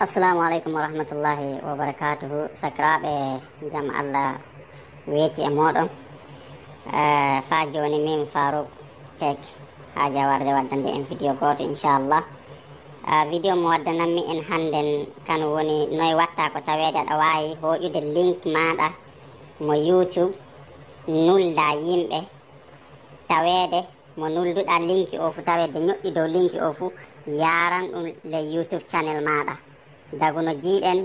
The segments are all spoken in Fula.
assalamu aleykum wa rahmatullahi wa barakatuhu sakiraɓe jaam allah weeti e moɗon eh, fa joni min farouk tek ha jawarde waddande en vidéo goto inchallah eh, vidéo mo waddanammi en hannden kan woni noye watta ko tawede aɗa wawi hoƴude link maɗa mo youtube nulda yimɓe tawede mo nulduɗa linki o fu tawede ñoƴƴi dow linki o fu yaran ɗum le youtube channel maɗa daguno jiiɗen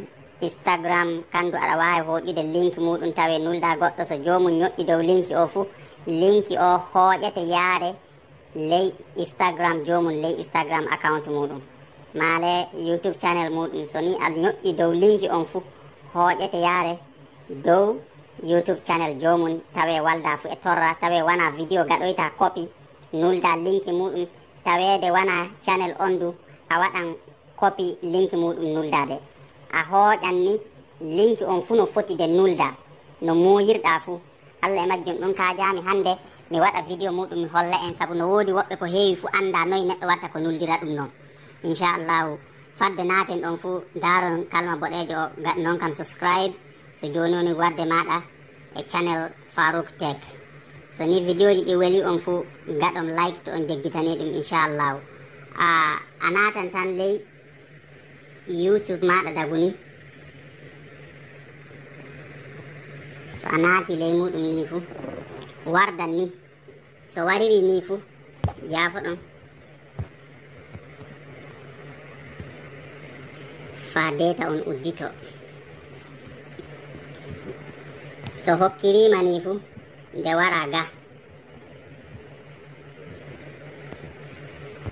instagram kanndu aɗa waawi hoƴude linki muɗum tawe nulɗa goɗɗo so joomum ñoƴƴi dow linki o fuu linki o hooƴete yaare ley instagram joomum ley instagram account muɗum maale youtube channel muɗum so ni aɗa ñoƴƴi dow linki on fuu hooƴete yaare dow youtube channel joomum tawe walda fuu e torra tawe wona vidéo gaɗoyta copi nulda linki muɗum taweede wona channel on du a waɗan copi linki muɗum nuldade a hooƴanni linki on fuu no foti de nulda no moyirɗa fuu allah e majjum ɗum kajami hannde mi waɗa vidéo muɗum mi holla en saabu no woodi woɓɓe ko heewi fuu annda noyi neɗɗo watta ko nuldira ɗum noon inchallahu fadde naaten ɗon fuu daron kalma boɗejo o gaɗ noon kam subscribe so joni woni wadde maɗa e channel farouk tek so ni vidéo ji ɗi weeli on fuu gaɗom like to on jeggitani ɗum inchallahu a a natan tan ley youtube maɗa daguni so a naati ley muɗum ni fu wardan ni so wariri ni fu jaafo ɗon faa deta on uddito so hokkirima ni fu nde wara ga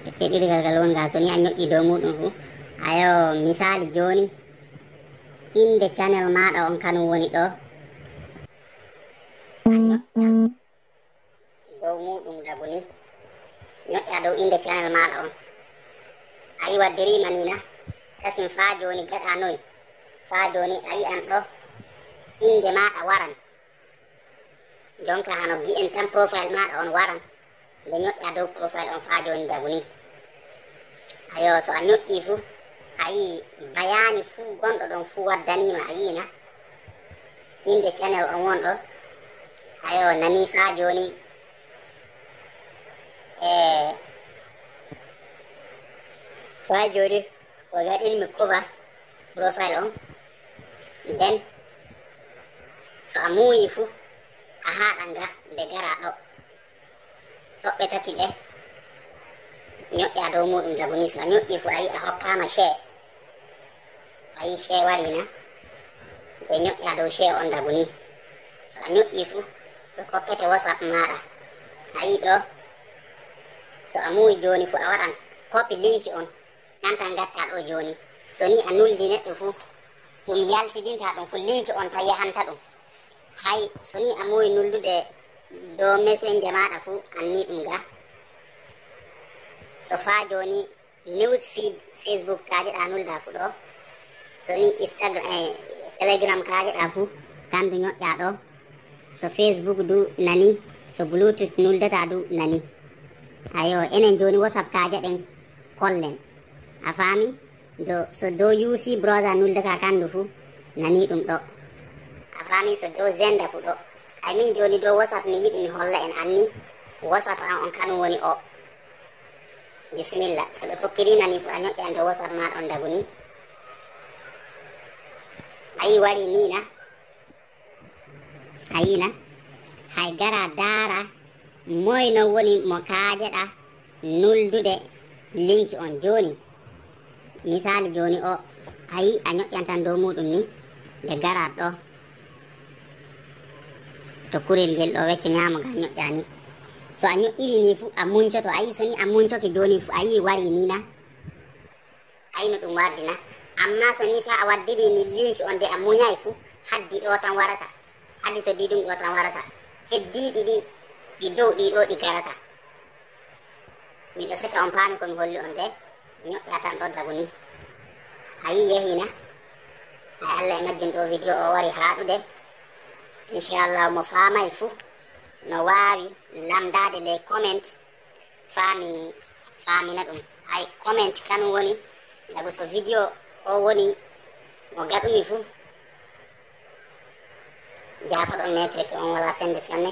e keɗirgal ngal wonga so ni a ñoƴƴi dow muɗum fu ayo misali joni inde channel maɗa on kan woni ɗo dow muɗum dabuni ñoƴƴa dow inde channel maɗa on ayi waddirimanina kasin fa joni gaɗa noyi fa joni ayi an ɗo inde maɗa waran jonka hano gi'en tan profile maɗa on waran nde ñoƴƴa dow profile on fa joni dabuni ayo so a ñoƴƴi fuu a yi bayani fuu gonɗo ɗon fuu waddanima a yina inde canel on wonɗo ayo nani fa joni e fa joni o gaɗinmi cova profile on nden so a muuyi fuu a haɗan nga nde gara ɗo toɓɓe tati ɗe ñoƴƴe a dow muɗum jabonis a ñoƴƴi fu ayi a hokkama chee ayi chee warina ɓe ñoƴƴa dow chee on dabuni so a ñoƴƴi fu ɗo kokkete wasap maɗa ayi ɗo so a muwi joni fu a waɗan copi linki on nantan gatta ɗo joni so ni a nuldi neɗɗo fu ɗum yaltidinta ɗum fu linki on ta yahanta ɗum hay so ni a muwi nuldude dow messenje maɗa fu anni ɗum ga so fa joni news feed facebook kajeɗa nulɗa fu ɗo soni instagram eh, telegram kajeɗa fu kamɓe ñoƴƴa ɗo so facebook du nani so bluetooth nuldata du nani ayo enen joni wasap kaje ɗen kollen a fami do so dow uc brother nuldata kandu fu nani ɗum ɗo a fami so dow zenda fu ɗo ay min joni dow wasap mi yiɗi mi holla en anni wasap a on kanum woni o oh. bisimilla so ɓe kokkirinani fo a ñoƴƴe ande wosar ma on dagu ni ayi wari nina ayina hay gara daara moyno woni mo kaajeɗa nuldude linki on joni misali joni o ayi a ñoƴƴantan dow muɗum ni nde garat ɗo to kurel ngel ɗo wecco ñamoga ñoƴƴani so a ñoƴƴiri ni fuu a muñcoto a yi so ni a muñcoke joni fuu a yi wari ni na a yino ɗum wardi na amma so ni fa a waddiri ni linki on de a muñay fuu haddi ɗo tan warata haddi to di ɗum ɗo tan warata keddiɗi ɗi ɗi dow ɗi ɗo ɗi garata miɗo seka on paami komi holli on de ñoƴƴa tan ɗo dagu ni a yi yehina ay allah e majjun ɗo video o wari haaɗude inchallahu mo faamay fuu no wawi lamdade ley comment faami faamina ɗum hay comment kanu woni sabu so video o woni mo gaɗumi fuu jafo ɗon netwek on wala sembe sanne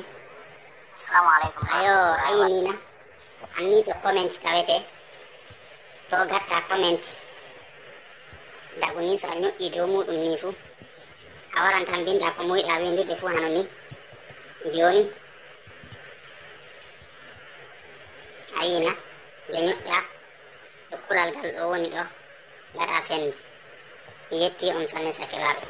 salamualeykum ayo ayi nina anni to comment tawete to gatta comment dagoni so a ñoƴƴi dow muɗum ni fuu a waran tan binda ko moyiɗa windude fuu hano ni joni teyina ɓe ñoƴƴa e kuralgal ɗo woni ɗo ngara sendi yetti on sanne sakiraɓe